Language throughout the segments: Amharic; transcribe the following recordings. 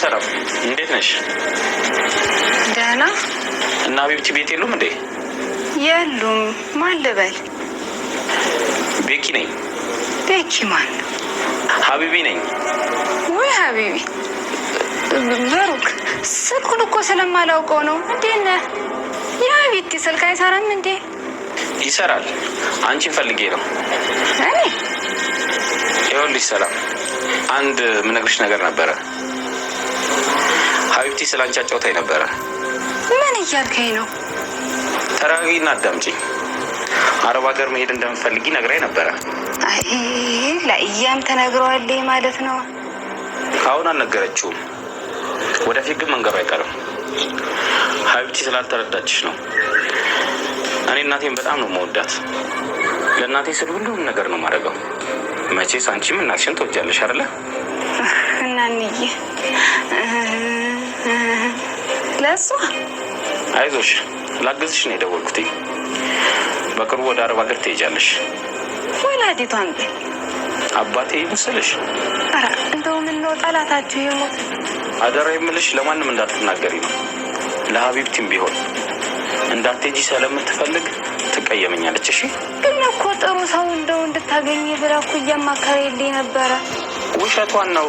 ሰላም እንዴት ነሽ? ደህና እና ቢብቲ ቤት የሉም እንዴ? የሉም። ማን ልበል? ቤኪ ነኝ። ቤኪ ማን? ሀቢቢ ነኝ። ወይ ሀቢቢ በሩክ፣ ስልኩን እኮ ስለማላውቀው ነው። እንዴት ነህ? የቤቲ ስልክ አይሰራም እንዴ? ይሰራል። አንቺን ፈልጌ ነው። ይኸውልሽ ሰላም፣ አንድ የምነግርሽ ነገር ነበረ ሀቢብቲ አንቻ አጫውታኝ ነበረ። ምን እያልከኝ ነው? ተረጋጊና አዳምጪኝ። አረብ ሀገር መሄድ እንደምፈልጊ ነግራኝ ነበረ። ለእያም ተነግረዋል ማለት ነው? አሁን አልነገረችውም። ወደፊት ግን መንገሩ አይቀርም። ሀቢብቲ ስላልተረዳችሽ ነው። እኔ እናቴን በጣም ነው መወዳት። ለእናቴ ስል ሁሉም ነገር ነው ማድረገው። መቼስ አንቺም እናትሽን ትወጃለሽ አይደለ? እናንዬ እሷ አይዞሽ ላግዝሽ ነው የደወልኩት። በቅርቡ ወደ አረብ ሀገር ትሄጃለሽ። ወላዲቷን አባቴ ይመስልሽ። ኧረ እንደው ነው ጠላታችሁ የሞት አደራ የምልሽ ለማንም እንዳትናገሪ ነው። ለሀቢብቲም ቢሆን እንዳትሄጂ ስለምትፈልግ ትቀየመኛለች። እሺ ግን እኮ ጥሩ ሰው እንደው እንድታገኝ ብላ እኮ እያማከረልኝ ነበረ። ውሸቷን ነው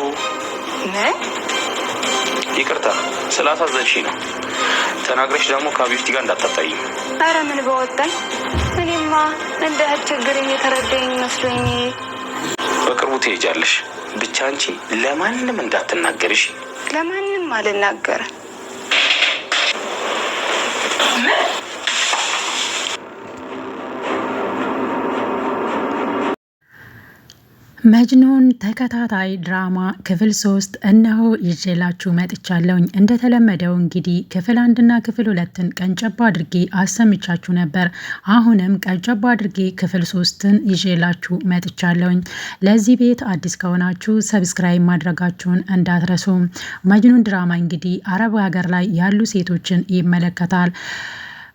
ምን ይቅርታ ስላሳዘንሽ ነው። ተናግረሽ ደግሞ ከቢፍቲ ጋር እንዳታጣይ። አረ ምን በወጣኝ። እኔማ እንደ እህት ችግር የተረዳኝ ይመስለኝ። በቅርቡ ትሄጃለሽ። ብቻ አንቺ ለማንም እንዳትናገርሽ። ለማንም አልናገርም። መጅኑን ተከታታይ ድራማ ክፍል ሶስት እነሆ ይዤላችሁ መጥቻለሁኝ። እንደተለመደው እንግዲህ ክፍል አንድና ክፍል ሁለትን ቀንጨባ አድርጌ አሰምቻችሁ ነበር። አሁንም ቀንጨባ አድርጌ ክፍል ሶስትን ይዤላችሁ መጥቻለሁኝ። ለዚህ ቤት አዲስ ከሆናችሁ ሰብስክራይብ ማድረጋችሁን እንዳትረሱ። መጅኑን ድራማ እንግዲህ አረብ ሀገር ላይ ያሉ ሴቶችን ይመለከታል።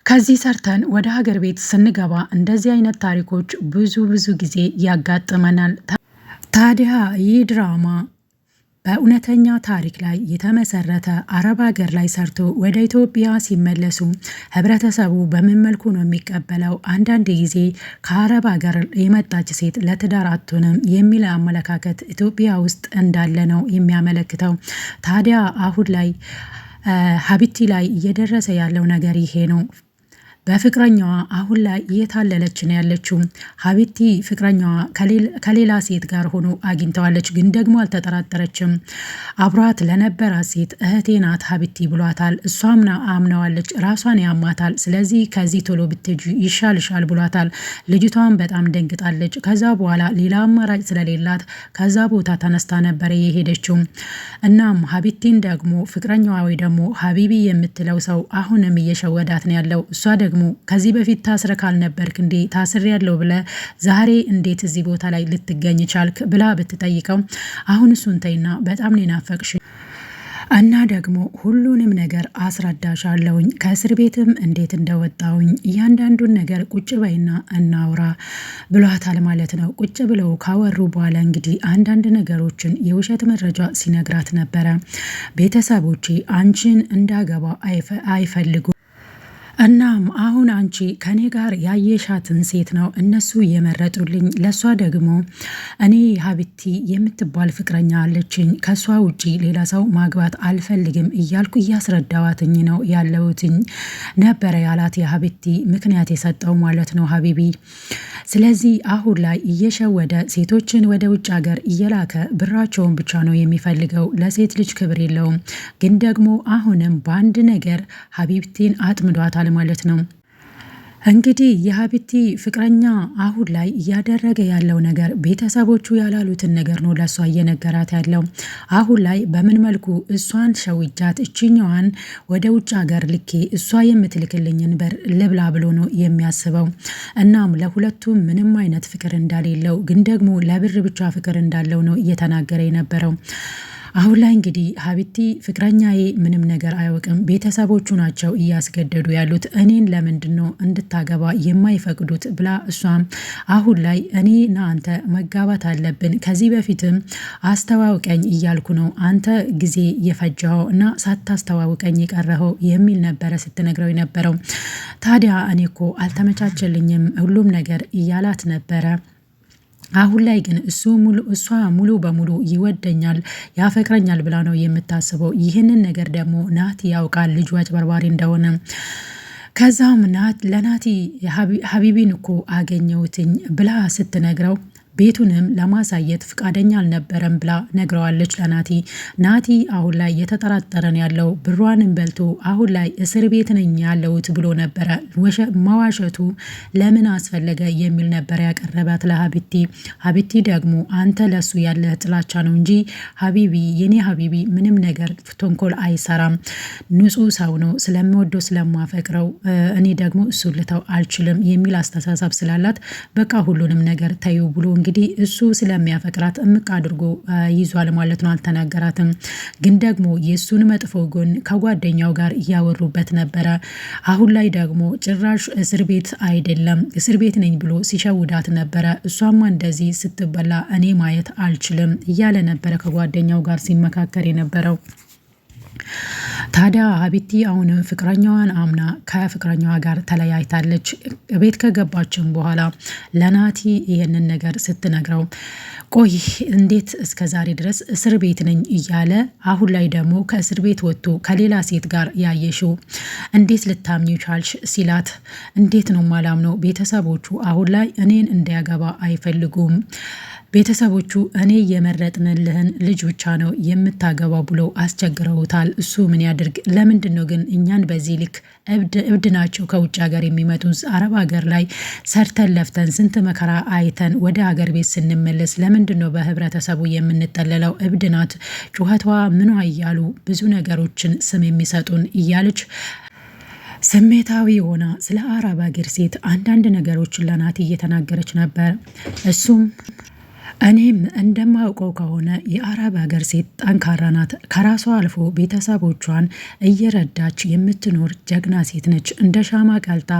ከዚህ ሰርተን ወደ ሀገር ቤት ስንገባ እንደዚህ አይነት ታሪኮች ብዙ ብዙ ጊዜ ያጋጥመናል። ታዲያ ይህ ድራማ በእውነተኛ ታሪክ ላይ የተመሰረተ አረብ ሀገር ላይ ሰርቶ ወደ ኢትዮጵያ ሲመለሱ ህብረተሰቡ በምን መልኩ ነው የሚቀበለው? አንዳንድ ጊዜ ከአረብ ሀገር የመጣች ሴት ለትዳር አትሆንም የሚል አመለካከት ኢትዮጵያ ውስጥ እንዳለ ነው የሚያመለክተው። ታዲያ አሁን ላይ ሀቢቲ ላይ እየደረሰ ያለው ነገር ይሄ ነው። በፍቅረኛዋ አሁን ላይ እየታለለች ነው ያለችው። ሀቢቲ ፍቅረኛዋ ከሌላ ሴት ጋር ሆኖ አግኝተዋለች፣ ግን ደግሞ አልተጠራጠረችም። አብሯት ለነበራት ሴት እህቴ ናት ሀቢቲ ብሏታል። እሷም አምነዋለች፣ ራሷን ያማታል። ስለዚህ ከዚህ ቶሎ ብትጅ ይሻልሻል ብሏታል። ልጅቷን በጣም ደንግጣለች። ከዛ በኋላ ሌላ አማራጭ ስለሌላት ከዛ ቦታ ተነስታ ነበረ የሄደችው። እናም ሀቢቲን ደግሞ ፍቅረኛዋ ወይ ደግሞ ሀቢቢ የምትለው ሰው አሁንም እየሸወዳት ነው ያለው እሷ ደግሞ ደግሞ ከዚህ በፊት ታስረ ካልነበርክ እንዴ ታስር ያለው ብለ ዛሬ እንዴት እዚህ ቦታ ላይ ልትገኝ ቻልክ ብላ ብትጠይቀው አሁን እሱን ተይና በጣም ነው እና ደግሞ ሁሉንም ነገር አስረዳሻለሁኝ ከእስር ቤትም እንዴት እንደወጣውኝ እያንዳንዱን ነገር ቁጭ በይና እናውራ ብሏታል ማለት ነው። ቁጭ ብለው ካወሩ በኋላ እንግዲህ አንዳንድ ነገሮችን የውሸት መረጃ ሲነግራት ነበረ። ቤተሰቦቼ አንቺን እንዳገባ አይፈልጉ እናም አሁን አንቺ ከኔ ጋር ያየሻትን ሴት ነው እነሱ የመረጡልኝ። ለእሷ ደግሞ እኔ ሀብቲ የምትባል ፍቅረኛ አለችኝ፣ ከእሷ ውጪ ሌላ ሰው ማግባት አልፈልግም እያልኩ እያስረዳዋትኝ ነው ያለውትኝ ነበረ ያላት የሀብቲ ምክንያት የሰጠው ማለት ነው ሀቢቢ። ስለዚህ አሁን ላይ እየሸወደ ሴቶችን ወደ ውጭ ሀገር እየላከ ብራቸውን ብቻ ነው የሚፈልገው። ለሴት ልጅ ክብር የለውም። ግን ደግሞ አሁንም በአንድ ነገር ሀቢብቲን አጥምዷታል ይሆናል ማለት ነው። እንግዲህ የሀቢቲ ፍቅረኛ አሁን ላይ እያደረገ ያለው ነገር ቤተሰቦቹ ያላሉትን ነገር ነው ለእሷ እየነገራት ያለው። አሁን ላይ በምን መልኩ እሷን ሸውጃት እችኛዋን ወደ ውጭ ሀገር ልኬ እሷ የምትልክልኝን በር ልብላ ብሎ ነው የሚያስበው። እናም ለሁለቱም ምንም አይነት ፍቅር እንዳሌለው ግን ደግሞ ለብር ብቻ ፍቅር እንዳለው ነው እየተናገረ የነበረው። አሁን ላይ እንግዲህ ሀቢቲ ፍቅረኛዬ ምንም ነገር አያውቅም፣ ቤተሰቦቹ ናቸው እያስገደዱ ያሉት እኔን ለምንድን ነው እንድታገባ የማይፈቅዱት ብላ እሷም አሁን ላይ እኔ ና አንተ መጋባት አለብን፣ ከዚህ በፊትም አስተዋውቀኝ እያልኩ ነው አንተ ጊዜ የፈጀኸው እና ሳታስተዋውቀኝ የቀረኸው የሚል ነበረ ስትነግረው የነበረው። ታዲያ እኔ እኮ አልተመቻቸልኝም ሁሉም ነገር እያላት ነበረ አሁን ላይ ግን እሱ ሙሉ እሷ ሙሉ በሙሉ ይወደኛል ያፈቅረኛል ብላ ነው የምታስበው። ይህንን ነገር ደግሞ ናቲ ያውቃል ልጁ አጭበርባሪ እንደሆነ። ከዛም ናት ለናቲ ሀቢቢን እኮ አገኘውትኝ ብላ ስትነግረው ቤቱንም ለማሳየት ፍቃደኛ አልነበረም ብላ ነግረዋለች ለናቲ። ናቲ አሁን ላይ የተጠራጠረን ያለው ብሯንም በልቶ አሁን ላይ እስር ቤት ነኝ ያለውት ብሎ ነበረ። መዋሸቱ ለምን አስፈለገ የሚል ነበር ያቀረባት ለሀቢቲ። ሀቢቲ ደግሞ አንተ ለሱ ያለ ጥላቻ ነው እንጂ ሀቢቢ የኔ ሀቢቢ ምንም ነገር ተንኮል አይሰራም፣ ንጹህ ሰው ነው፣ ስለምወደው ስለማፈቅረው እኔ ደግሞ እሱ ልተው አልችልም የሚል አስተሳሰብ ስላላት በቃ ሁሉንም ነገር ተዩ ብሎ እንግዲህ እሱ ስለሚያፈቅራት እምቅ አድርጎ ይዟል ማለት ነው። አልተናገራትም፣ ግን ደግሞ የእሱን መጥፎ ጎን ከጓደኛው ጋር እያወሩበት ነበረ። አሁን ላይ ደግሞ ጭራሽ እስር ቤት አይደለም እስር ቤት ነኝ ብሎ ሲሸውዳት ነበረ። እሷማ እንደዚህ ስትበላ እኔ ማየት አልችልም እያለ ነበረ ከጓደኛው ጋር ሲመካከር የነበረው። ታዲያ ሀቢቲ አሁንም ፍቅረኛዋን አምና ከፍቅረኛዋ ጋር ተለያይታለች። ቤት ከገባችን በኋላ ለናቲ ይህንን ነገር ስትነግረው ቆይ እንዴት እስከ ዛሬ ድረስ እስር ቤት ነኝ እያለ አሁን ላይ ደግሞ ከእስር ቤት ወጥቶ ከሌላ ሴት ጋር ያየሽው እንዴት ልታምኝ ቻልሽ? ሲላት እንዴት ነው ማላምነው? ቤተሰቦቹ አሁን ላይ እኔን እንዲያገባ አይፈልጉም ቤተሰቦቹ እኔ የመረጥንልህን ልጅ ብቻ ነው የምታገባው ብለው አስቸግረውታል። እሱ ምን ያድርግ? ለምንድን ነው ግን እኛን በዚህ ልክ እብድ ናቸው ከውጭ ሀገር የሚመጡ አረብ ሀገር ላይ ሰርተን ለፍተን ስንት መከራ አይተን ወደ ሀገር ቤት ስንመለስ ለምንድን ነው በህብረተሰቡ የምንጠለለው? እብድ ናት፣ ጩኸቷ ምኗ እያሉ ብዙ ነገሮችን ስም የሚሰጡን እያለች ስሜታዊ ሆና ስለ አረብ ሀገር ሴት አንዳንድ ነገሮችን ለናት እየተናገረች ነበር እሱም እኔም እንደማውቀው ከሆነ የአረብ ሀገር ሴት ጠንካራ ናት። ከራሷ አልፎ ቤተሰቦቿን እየረዳች የምትኖር ጀግና ሴት ነች። እንደ ሻማ ቀልጣ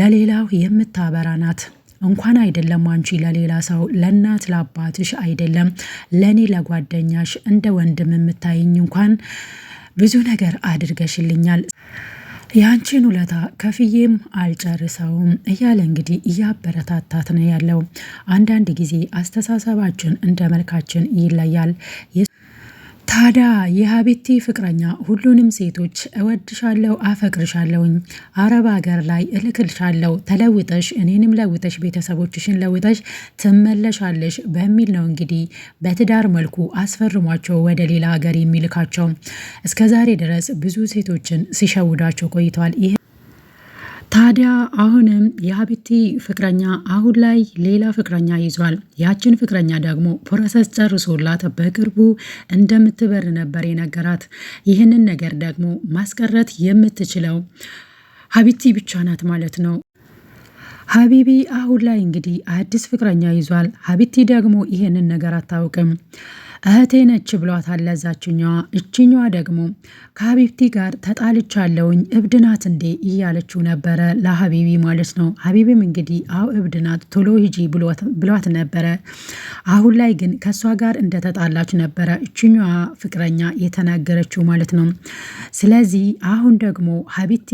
ለሌላው የምታበራ ናት። እንኳን አይደለም አንቺ ለሌላ ሰው ለእናት ለአባትሽ አይደለም ለእኔ ለጓደኛሽ እንደ ወንድም የምታይኝ እንኳን ብዙ ነገር አድርገሽልኛል። ያንቺን ውለታ ከፍዬም አልጨርሰውም እያለ እንግዲህ እያበረታታት ነው ያለው። አንዳንድ ጊዜ አስተሳሰባችን እንደ መልካችን ይለያል። ታዲያ የሀቤቲ ፍቅረኛ ሁሉንም ሴቶች እወድሻለሁ፣ አፈቅርሻለሁኝ፣ አረብ ሀገር ላይ እልክልሻለሁ፣ ተለውጠሽ እኔንም ለውጠሽ ቤተሰቦችሽን ለውጠሽ ትመለሻለሽ በሚል ነው እንግዲህ በትዳር መልኩ አስፈርሟቸው ወደ ሌላ ሀገር የሚልካቸው። እስከዛሬ ድረስ ብዙ ሴቶችን ሲሸውዳቸው ቆይቷል። ታዲያ አሁንም የሀብቴ ፍቅረኛ አሁን ላይ ሌላ ፍቅረኛ ይዟል። ያችን ፍቅረኛ ደግሞ ፕሮሰስ ጨርሶላት በቅርቡ እንደምትበር ነበር የነገራት። ይህንን ነገር ደግሞ ማስቀረት የምትችለው ሀብቴ ብቻ ናት ማለት ነው። ሀቢቢ አሁን ላይ እንግዲህ አዲስ ፍቅረኛ ይዟል። ሀብቴ ደግሞ ይህንን ነገር አታውቅም። እህቴ ነች ብሏት ለዛችኛዋ። እችኛዋ ደግሞ ከሀቢብቲ ጋር ተጣልች እብድ እብድናት እንዴ እያለችው ነበረ ለሀቢቢ ማለት ነው። ሀቢቢም እንግዲህ አው እብድናት ቶሎ ሂጂ ብሏት ነበረ። አሁን ላይ ግን ከእሷ ጋር እንደተጣላች ነበረ እችኛዋ ፍቅረኛ የተናገረችው ማለት ነው። ስለዚህ አሁን ደግሞ ሀቢብቲ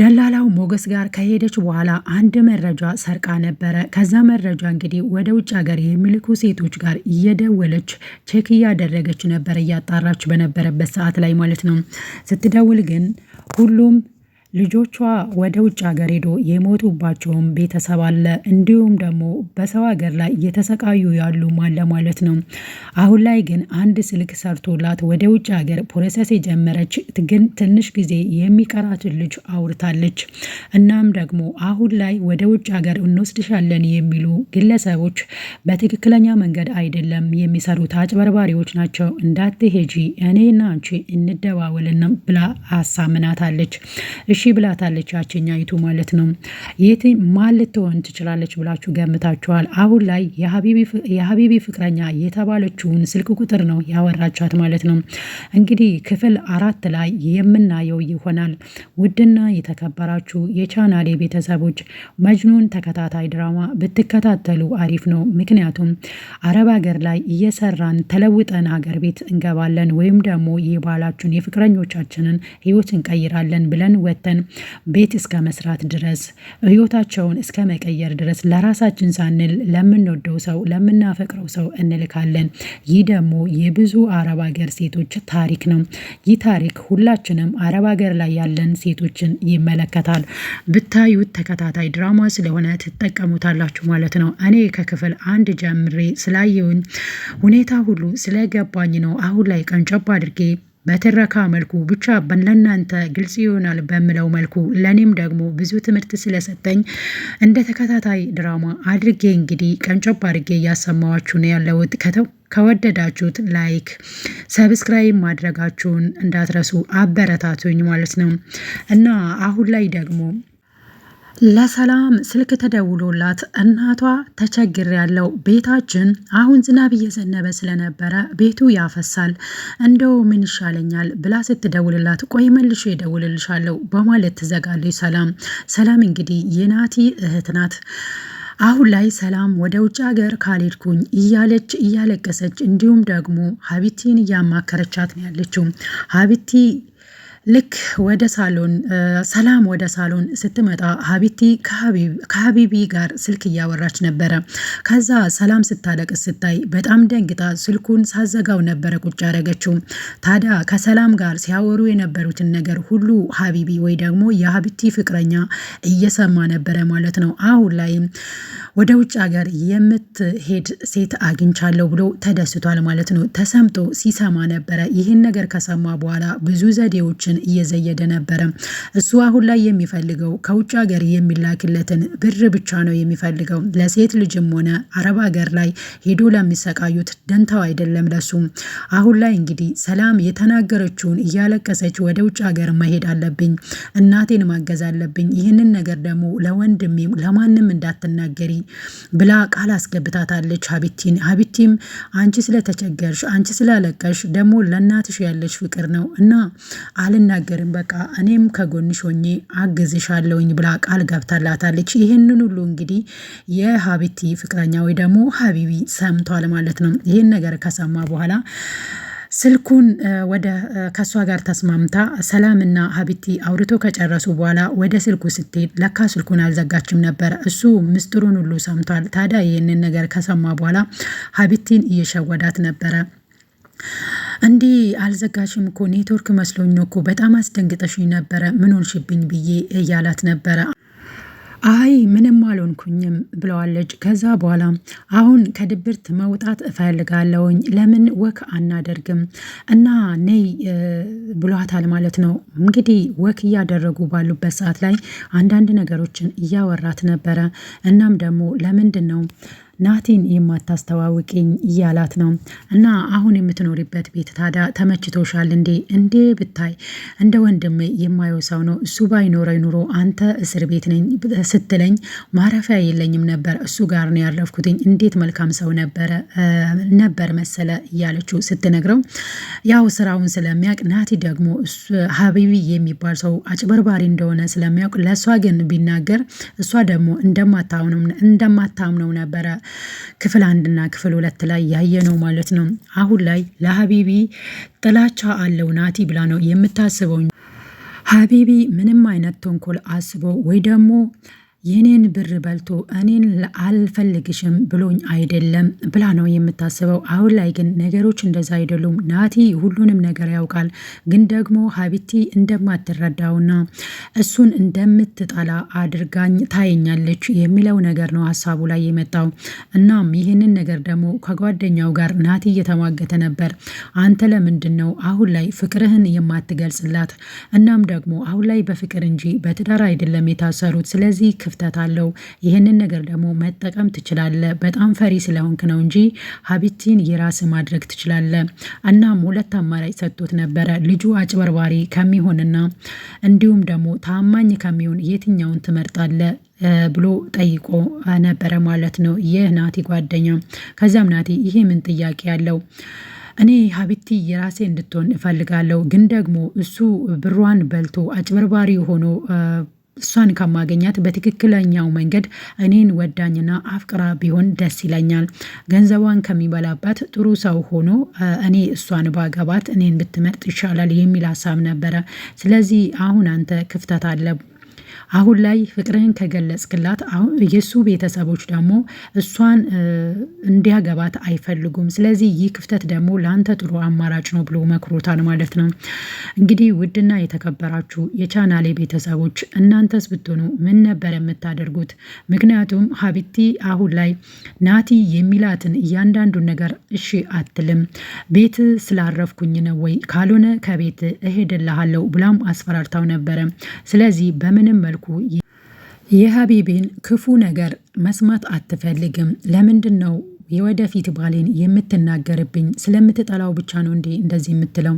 ደላላው ሞገስ ጋር ከሄደች በኋላ አንድ መረጃ ሰርቃ ነበረ። ከዛ መረጃ እንግዲህ ወደ ውጭ ሀገር የሚልኩ ሴቶች ጋር እየደወለች ቼክ እያደረገች ነበር፣ እያጣራች በነበረበት ሰዓት ላይ ማለት ነው። ስትደውል ግን ሁሉም ልጆቿ ወደ ውጭ ሀገር ሄዶ የሞቱባቸውም ቤተሰብ አለ። እንዲሁም ደግሞ በሰው ሀገር ላይ እየተሰቃዩ ያሉ አለ ማለት ነው። አሁን ላይ ግን አንድ ስልክ ሰርቶላት ወደ ውጭ ሀገር ፕሮሰስ የጀመረች ግን ትንሽ ጊዜ የሚቀራትን ልጅ አውርታለች። እናም ደግሞ አሁን ላይ ወደ ውጭ ሀገር እንወስድሻለን የሚሉ ግለሰቦች በትክክለኛ መንገድ አይደለም የሚሰሩት፣ አጭበርባሪዎች ናቸው፣ እንዳትሄጂ እኔና አንቺ እንደዋወልን ብላ አሳምናታለች። እሺ ብላታለች ያችኛይቱ ማለት ነው። የት ማን ልትሆን ትችላለች ብላችሁ ገምታችኋል? አሁን ላይ የሀቢቢ ፍቅረኛ የተባለችውን ስልክ ቁጥር ነው ያወራቻት ማለት ነው። እንግዲህ ክፍል አራት ላይ የምናየው ይሆናል። ውድና የተከበራችሁ የቻናሌ ቤተሰቦች መጅኑን ተከታታይ ድራማ ብትከታተሉ አሪፍ ነው። ምክንያቱም አረብ ሀገር ላይ እየሰራን ተለውጠን ሀገር ቤት እንገባለን ወይም ደግሞ የባላችሁን የፍቅረኞቻችንን ህይወት እንቀይራለን ብለን ወተን ጀምረን ቤት እስከ መስራት ድረስ ህይወታቸውን እስከ መቀየር ድረስ ለራሳችን ሳንል ለምንወደው ሰው ለምናፈቅረው ሰው እንልካለን። ይህ ደግሞ የብዙ አረብ ሀገር ሴቶች ታሪክ ነው። ይህ ታሪክ ሁላችንም አረብ ሀገር ላይ ያለን ሴቶችን ይመለከታል። ብታዩት ተከታታይ ድራማ ስለሆነ ትጠቀሙታላችሁ ማለት ነው። እኔ ከክፍል አንድ ጀምሬ ስላየውን ሁኔታ ሁሉ ስለገባኝ ነው አሁን ላይ ቀንጨብ አድርጌ በትረካ መልኩ ብቻ ለእናንተ ግልጽ ይሆናል በምለው መልኩ ለእኔም ደግሞ ብዙ ትምህርት ስለሰጠኝ እንደ ተከታታይ ድራማ አድርጌ እንግዲህ ቀንጨብ አድርጌ እያሰማዋችሁ ነው ያለሁት። ከተው ከወደዳችሁት ላይክ፣ ሰብስክራይብ ማድረጋችሁን እንዳትረሱ አበረታቱኝ ማለት ነው እና አሁን ላይ ደግሞ ለሰላም ስልክ ተደውሎላት እናቷ ተቸግር ያለው ቤታችን አሁን ዝናብ እየዘነበ ስለነበረ ቤቱ ያፈሳል፣ እንደው ምን ይሻለኛል ብላ ስትደውልላት ቆይ መልሼ እደውልልሻለሁ በማለት ትዘጋለች። ሰላም ሰላም እንግዲህ የናቲ እህት ናት። አሁን ላይ ሰላም ወደ ውጭ ሀገር ካልሄድኩኝ እያለች እያለቀሰች እንዲሁም ደግሞ ሀቢቲን እያማከረቻት ነው ያለችው ሀቢቲ ልክ ወደ ሳሎን ሰላም ወደ ሳሎን ስትመጣ ሀቢቲ ከሀቢቢ ጋር ስልክ እያወራች ነበረ። ከዛ ሰላም ስታለቅስ ስታይ በጣም ደንግጣ ስልኩን ሳዘጋው ነበረ ቁጭ ያደረገችው። ታዲያ ከሰላም ጋር ሲያወሩ የነበሩትን ነገር ሁሉ ሀቢቢ ወይ ደግሞ የሀቢቲ ፍቅረኛ እየሰማ ነበረ ማለት ነው። አሁን ላይም ወደ ውጭ ሀገር የምትሄድ ሴት አግኝቻለሁ ብሎ ተደስቷል ማለት ነው። ተሰምጦ ሲሰማ ነበረ። ይህን ነገር ከሰማ በኋላ ብዙ ዘዴዎችን እየዘየደ ነበረ። እሱ አሁን ላይ የሚፈልገው ከውጭ ሀገር የሚላክለትን ብር ብቻ ነው የሚፈልገው። ለሴት ልጅም ሆነ አረብ ሀገር ላይ ሄዶ ለሚሰቃዩት ደንታው አይደለም ለሱ። አሁን ላይ እንግዲህ ሰላም የተናገረችውን እያለቀሰች ወደ ውጭ ሀገር መሄድ አለብኝ፣ እናቴን ማገዝ አለብኝ፣ ይህንን ነገር ደግሞ ለወንድሜ ለማንም እንዳትናገሪ ብላ ቃል አስገብታታለች ሀቢቲን። ሀቢቲም አንቺ ስለተቸገርሽ፣ አንቺ ስላለቀሽ ደግሞ ለእናትሽ ያለሽ ፍቅር ነው እና አልናገርም፣ በቃ እኔም ከጎንሽ ሆኜ አግዝሻለሁኝ ብላ ቃል ገብታላታለች። ይህንን ሁሉ እንግዲህ የሀቢቲ ፍቅረኛ ወይ ደግሞ ሀቢቢ ሰምቷል ማለት ነው። ይህን ነገር ከሰማ በኋላ ስልኩን ወደ ከሷ ጋር ተስማምታ ሰላምና ሀቢቲ አውርቶ ከጨረሱ በኋላ ወደ ስልኩ ስትሄድ ለካ ስልኩን አልዘጋችም ነበረ። እሱ ምስጢሩን ሁሉ ሰምቷል። ታዲያ ይህንን ነገር ከሰማ በኋላ ሀቢቲን እየሸወዳት ነበረ። እንዲህ አልዘጋሽም እኮ ኔትወርክ መስሎኝ እኮ በጣም አስደንግጠሽኝ ነበረ፣ ምን ሆንሽብኝ ብዬ እያላት ነበረ። አይ ምንም አልሆንኩኝም ብለዋለች። ከዛ በኋላ አሁን ከድብርት መውጣት እፈልጋለውኝ ለምን ወክ አናደርግም እና ነይ ብሏታል ማለት ነው። እንግዲህ ወክ እያደረጉ ባሉበት ሰዓት ላይ አንዳንድ ነገሮችን እያወራት ነበረ። እናም ደግሞ ለምንድን ነው ናቲን የማታስተዋውቅኝ እያላት ነው። እና አሁን የምትኖሪበት ቤት ታዲያ ተመችቶሻል እንዴ? እንዴ ብታይ እንደ ወንድሜ የማየው ሰው ነው። እሱ ባይኖረኝ ኑሮ አንተ እስር ቤት ነኝ ስትለኝ ማረፊያ የለኝም ነበር። እሱ ጋር ነው ያረፍኩትኝ። እንዴት መልካም ሰው ነበረ ነበር መሰለ እያለችው ስትነግረው ያው ስራውን ስለሚያውቅ ናቲ ደግሞ ሀቢቢ የሚባል ሰው አጭበርባሪ እንደሆነ ስለሚያውቅ ለእሷ ግን ቢናገር እሷ ደግሞ እንደማታምነው ነበረ ክፍል አንድና ክፍል ሁለት ላይ ያየ ነው ማለት ነው። አሁን ላይ ለሀቢቢ ጥላቻ አለው ናቲ ብላ ነው የምታስበው። ሀቢቢ ምንም አይነት ተንኮል አስበው ወይ ደግሞ የኔን ብር በልቶ እኔን አልፈልግሽም ብሎኝ አይደለም ብላ ነው የምታስበው። አሁን ላይ ግን ነገሮች እንደዛ አይደሉም። ናቲ ሁሉንም ነገር ያውቃል፣ ግን ደግሞ ሀቢቲ እንደማትረዳውና እሱን እንደምትጠላ አድርጋኝ ታየኛለች የሚለው ነገር ነው ሀሳቡ ላይ የመጣው። እናም ይህንን ነገር ደግሞ ከጓደኛው ጋር ናቲ እየተሟገተ ነበር። አንተ ለምንድን ነው አሁን ላይ ፍቅርህን የማትገልጽላት? እናም ደግሞ አሁን ላይ በፍቅር እንጂ በትዳር አይደለም የታሰሩት። ስለዚህ ክፍተት አለው። ይህንን ነገር ደግሞ መጠቀም ትችላለ በጣም ፈሪ ስለሆንክ ነው እንጂ ሀቢቲን የራስ ማድረግ ትችላለ እናም ሁለት አማራጭ ሰጥቶት ነበረ። ልጁ አጭበርባሪ ከሚሆንና እንዲሁም ደግሞ ታማኝ ከሚሆን የትኛውን ትመርጣለ ብሎ ጠይቆ ነበረ ማለት ነው ይህ ናቲ ጓደኛ። ከዚያም ናቲ ይሄ ምን ጥያቄ ያለው እኔ ሀቢቲ የራሴ እንድትሆን እፈልጋለሁ፣ ግን ደግሞ እሱ ብሯን በልቶ አጭበርባሪ ሆኖ እሷን ከማገኛት በትክክለኛው መንገድ እኔን ወዳኝና አፍቅራ ቢሆን ደስ ይለኛል። ገንዘቧን ከሚበላባት ጥሩ ሰው ሆኖ እኔ እሷን ባገባት እኔን ብትመርጥ ይሻላል የሚል ሀሳብ ነበረ። ስለዚህ አሁን አንተ ክፍተት አለ አሁን ላይ ፍቅርህን ከገለጽክላት የእሱ ቤተሰቦች ደግሞ እሷን እንዲያገባት አይፈልጉም። ስለዚህ ይህ ክፍተት ደግሞ ለአንተ ጥሩ አማራጭ ነው ብሎ መክሮታል ማለት ነው። እንግዲህ ውድና የተከበራችሁ የቻናሌ ቤተሰቦች እናንተስ ብትሆኑ ምን ነበር የምታደርጉት? ምክንያቱም ሀቢቲ አሁን ላይ ናቲ የሚላትን እያንዳንዱን ነገር እሺ አትልም። ቤት ስላረፍኩኝ ነው ወይ ካልሆነ ከቤት እሄድልሃለሁ ብላም አስፈራርታው ነበረ። ስለዚህ በምንም መልኩ የሀቢብን ክፉ ነገር መስማት አትፈልግም። ለምንድን ነው የወደፊት ባሌን የምትናገርብኝ? ስለምትጠላው ብቻ ነው እንዴ እንደዚህ የምትለው?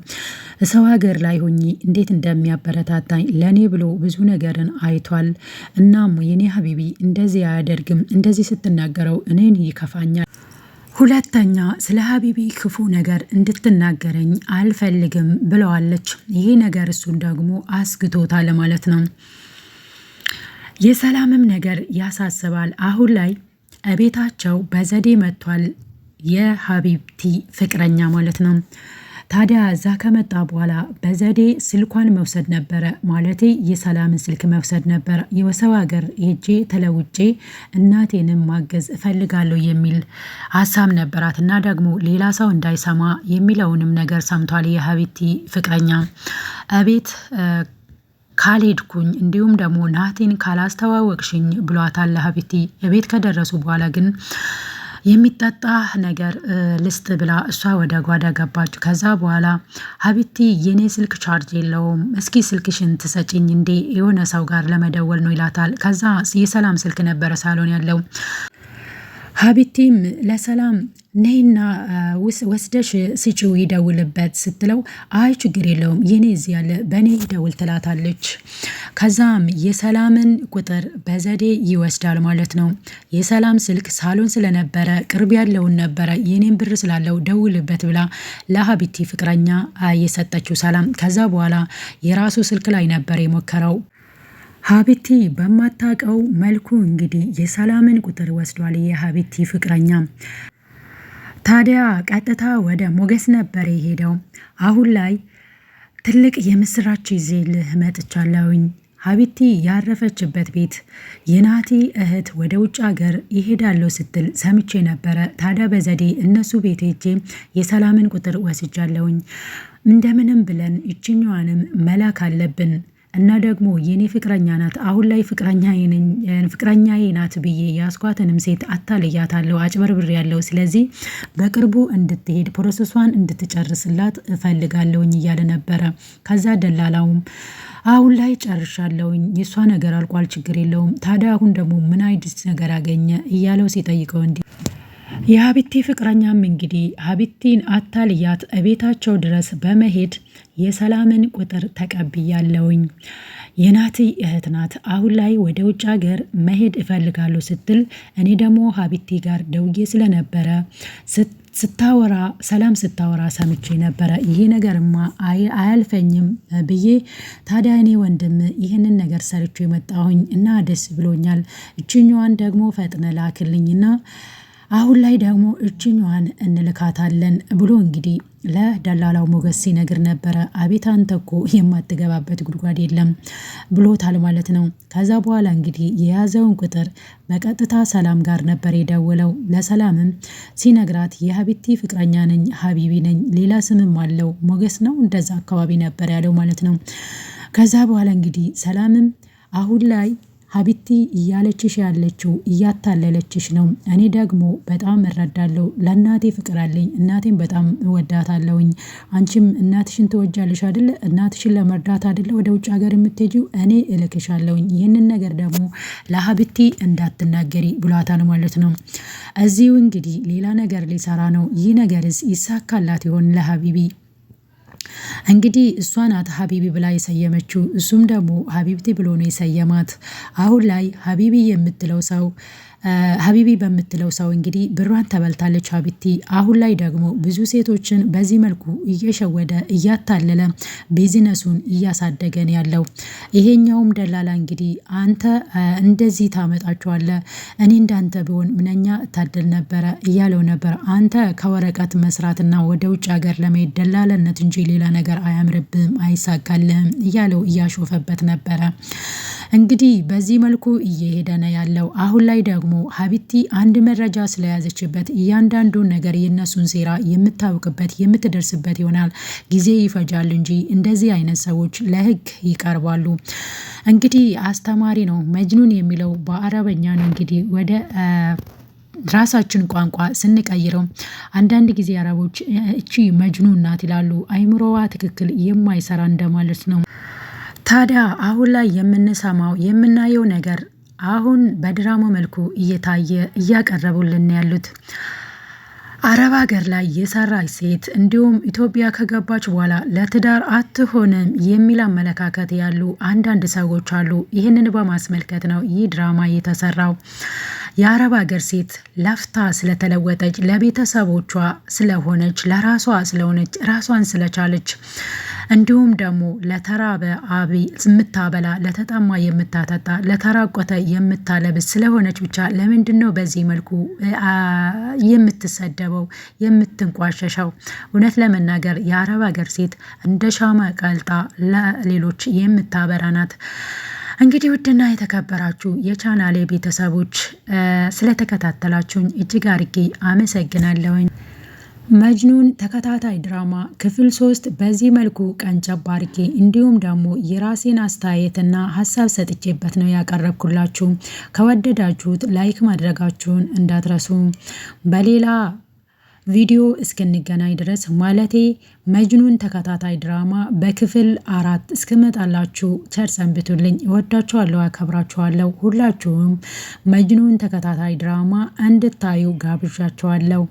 ሰው ሀገር ላይ ሆኜ እንዴት እንደሚያበረታታኝ ለእኔ ብሎ ብዙ ነገርን አይቷል። እናም የኔ ሀቢቢ እንደዚህ አያደርግም። እንደዚህ ስትናገረው እኔን ይከፋኛል። ሁለተኛ ስለ ሀቢቢ ክፉ ነገር እንድትናገረኝ አልፈልግም ብለዋለች። ይህ ነገር እሱን ደግሞ አስግቶታል ማለት ነው። የሰላምም ነገር ያሳስባል። አሁን ላይ እቤታቸው በዘዴ መጥቷል፣ የሀቢብቲ ፍቅረኛ ማለት ነው። ታዲያ እዛ ከመጣ በኋላ በዘዴ ስልኳን መውሰድ ነበረ። ማለቴ የሰላምን ስልክ መውሰድ ነበረ። የወሰብ ሀገር ሄጄ ተለውጬ እናቴንም ማገዝ እፈልጋለሁ የሚል ሀሳብ ነበራት እና ደግሞ ሌላ ሰው እንዳይሰማ የሚለውንም ነገር ሰምቷል። የሀቢቲ ፍቅረኛ እቤት ካልሄድኩኝ እንዲሁም ደግሞ ናቲን ካላስተዋወቅሽኝ ብሏታል ለሀቢቲ። የቤት ከደረሱ በኋላ ግን የሚጠጣ ነገር ልስጥ ብላ እሷ ወደ ጓዳ ገባች። ከዛ በኋላ ሀቢቲ የኔ ስልክ ቻርጅ የለውም፣ እስኪ ስልክሽን ትሰጭኝ እንዴ የሆነ ሰው ጋር ለመደወል ነው ይላታል። ከዛ የሰላም ስልክ ነበረ ሳሎን ያለው። ሀቢቲም ለሰላም ነይና ወስደሽ ስጪው ይደውልበት ስትለው አይ ችግር የለውም የኔ እዚህ ያለ በእኔ ይደውል ትላታለች። ከዛም የሰላምን ቁጥር በዘዴ ይወስዳል ማለት ነው። የሰላም ስልክ ሳሎን ስለነበረ ቅርብ ያለውን ነበረ የኔን ብር ስላለው ደውልበት ብላ ለሀቢቲ ፍቅረኛ የሰጠችው ሰላም። ከዛ በኋላ የራሱ ስልክ ላይ ነበር የሞከረው። ሀቢቲ በማታውቀው መልኩ እንግዲህ የሰላምን ቁጥር ወስዷል የሀቢቲ ፍቅረኛ ታዲያ ቀጥታ ወደ ሞገስ ነበር የሄደው። አሁን ላይ ትልቅ የምስራች ይዤልህ መጥቻለሁኝ። ሀቢቲ ያረፈችበት ቤት የናቲ እህት ወደ ውጭ ሀገር ይሄዳለሁ ስትል ሰምቼ ነበረ። ታዲያ በዘዴ እነሱ ቤት ሄጄ የሰላምን ቁጥር ወስጃለሁኝ። እንደምንም ብለን ይችኛዋንም መላክ አለብን እና ደግሞ የኔ ፍቅረኛ ናት አሁን ላይ ፍቅረኛዬ ናት ብዬ ያስኳትንም ሴት አታልያታለሁ፣ ያለው። ስለዚህ በቅርቡ እንድትሄድ ፕሮሰሷን እንድትጨርስላት እፈልጋለውኝ እያለ ነበረ። ከዛ ደላላውም አሁን ላይ ጨርሻለውኝ፣ የእሷ ነገር አልቋል፣ ችግር የለውም። ታዲያ አሁን ደግሞ ምን አይድስ ነገር አገኘ እያለው ሲጠይቀው እንዲ የሀቢቴ ፍቅረኛም እንግዲህ ሀቢቴን አታልያት እቤታቸው ድረስ በመሄድ የሰላምን ቁጥር ተቀብያለውኝ የናቲ እህት ናት። አሁን ላይ ወደ ውጭ ሀገር መሄድ እፈልጋለሁ ስትል እኔ ደግሞ ሀቢቴ ጋር ደውዬ ስለነበረ ስታወራ ሰላም ስታወራ ሰምቼ ነበረ። ይሄ ነገርማ አያልፈኝም ብዬ ታዲያ እኔ ወንድም ይህንን ነገር ሰርቼ የመጣሁኝ እና ደስ ብሎኛል። እችኛዋን ደግሞ ፈጥነ ላክልኝና አሁን ላይ ደግሞ እችኛዋን እንልካታለን ብሎ እንግዲህ ለደላላው ሞገስ ሲነግር ነበረ። አቤት አንተ እኮ የማትገባበት ጉድጓድ የለም ብሎታል ማለት ነው። ከዛ በኋላ እንግዲህ የያዘውን ቁጥር በቀጥታ ሰላም ጋር ነበር የደወለው። ለሰላምም ሲነግራት የሀቢቲ ፍቅረኛ ነኝ፣ ሀቢቢ ነኝ፣ ሌላ ስምም አለው ሞገስ ነው እንደዛ አካባቢ ነበር ያለው ማለት ነው። ከዛ በኋላ እንግዲህ ሰላምም አሁን ላይ ሀቢቲ እያለችሽ ያለችው እያታለለችሽ ነው። እኔ ደግሞ በጣም እረዳለሁ። ለእናቴ ፍቅር አለኝ። እናቴን በጣም እወዳታለሁኝ። አንቺም እናትሽን ትወጃለሽ አደለ? እናትሽን ለመርዳት አደለ ወደ ውጭ ሀገር የምትሄጂው? እኔ እልክሻለሁኝ። ይህንን ነገር ደግሞ ለሀቢቲ እንዳትናገሪ ብሏታል ማለት ነው። እዚሁ እንግዲህ ሌላ ነገር ሊሰራ ነው። ይህ ነገርስ ይሳካላት ይሆን ለሀቢቢ? እንግዲህ እሷ ናት ሀቢቢ ብላ የሰየመችው፣ እሱም ደግሞ ሀቢብቲ ብሎ ነው የሰየማት። አሁን ላይ ሀቢቢ የምትለው ሰው ሀቢቢ በምትለው ሰው እንግዲህ ብሯን ተበልታለች ሀቢቲ። አሁን ላይ ደግሞ ብዙ ሴቶችን በዚህ መልኩ እየሸወደ እያታለለ ቢዝነሱን እያሳደገን ያለው ይሄኛውም ደላላ እንግዲህ አንተ እንደዚህ ታመጣችኋለህ፣ እኔ እንዳንተ ቢሆን ምንኛ እታደል ነበረ እያለው ነበር። አንተ ከወረቀት መስራትና ወደ ውጭ ሀገር ለመሄድ ደላለነት እንጂ ሌላ ነገር አያምርብም፣ አይሳካልህም እያለው እያሾፈበት ነበረ። እንግዲህ በዚህ መልኩ እየሄደ ነው ያለው አሁን ላይ ደግሞ ሀቢቲ አንድ መረጃ ስለያዘችበት እያንዳንዱን ነገር የእነሱን ሴራ የምታውቅበት የምትደርስበት ይሆናል። ጊዜ ይፈጃል እንጂ እንደዚህ አይነት ሰዎች ለህግ ይቀርባሉ። እንግዲህ አስተማሪ ነው መጅኑን የሚለው በአረበኛ ነው እንግዲህ ወደ ራሳችን ቋንቋ ስንቀይረው አንዳንድ ጊዜ አረቦች እቺ መጅኑን ናት ይላሉ። አይምሮዋ ትክክል የማይሰራ እንደማለት ነው። ታዲያ አሁን ላይ የምንሰማው የምናየው ነገር አሁን በድራማ መልኩ እየታየ እያቀረቡልን ያሉት አረብ ሀገር ላይ የሰራች ሴት እንዲሁም ኢትዮጵያ ከገባች በኋላ ለትዳር አትሆንም የሚል አመለካከት ያሉ አንዳንድ ሰዎች አሉ። ይህንን በማስመልከት ነው ይህ ድራማ የተሰራው። የአረብ ሀገር ሴት ለፍታ ስለተለወጠች፣ ለቤተሰቦቿ ስለሆነች፣ ለራሷ ስለሆነች፣ ራሷን ስለቻለች እንዲሁም ደግሞ ለተራበ አቢ የምታበላ ለተጠማ የምታጠጣ ለተራቆተ የምታለብስ ስለሆነች ብቻ ለምንድን ነው በዚህ መልኩ የምትሰደበው የምትንቋሸሸው? እውነት ለመናገር የአረብ ሀገር ሴት እንደ ሻማ ቀልጣ ለሌሎች የምታበራ ናት። እንግዲህ ውድና የተከበራችሁ የቻናሌ ቤተሰቦች ስለተከታተላችሁኝ እጅግ አርጌ አመሰግናለሁኝ። መጅኑን ተከታታይ ድራማ ክፍል ሶስት በዚህ መልኩ ቀንጨብ አድርጌ እንዲሁም ደግሞ የራሴን አስተያየትና ሀሳብ ሰጥቼበት ነው ያቀረብኩላችሁ። ከወደዳችሁት ላይክ ማድረጋችሁን እንዳትረሱ። በሌላ ቪዲዮ እስክንገናኝ ድረስ ማለቴ መጅኑን ተከታታይ ድራማ በክፍል አራት እስክመጣላችሁ ቸር ሰንብቱልኝ። እወዳችኋለሁ፣ አከብራችኋለሁ። ሁላችሁም መጅኑን ተከታታይ ድራማ እንድታዩ ጋብዣችኋለሁ።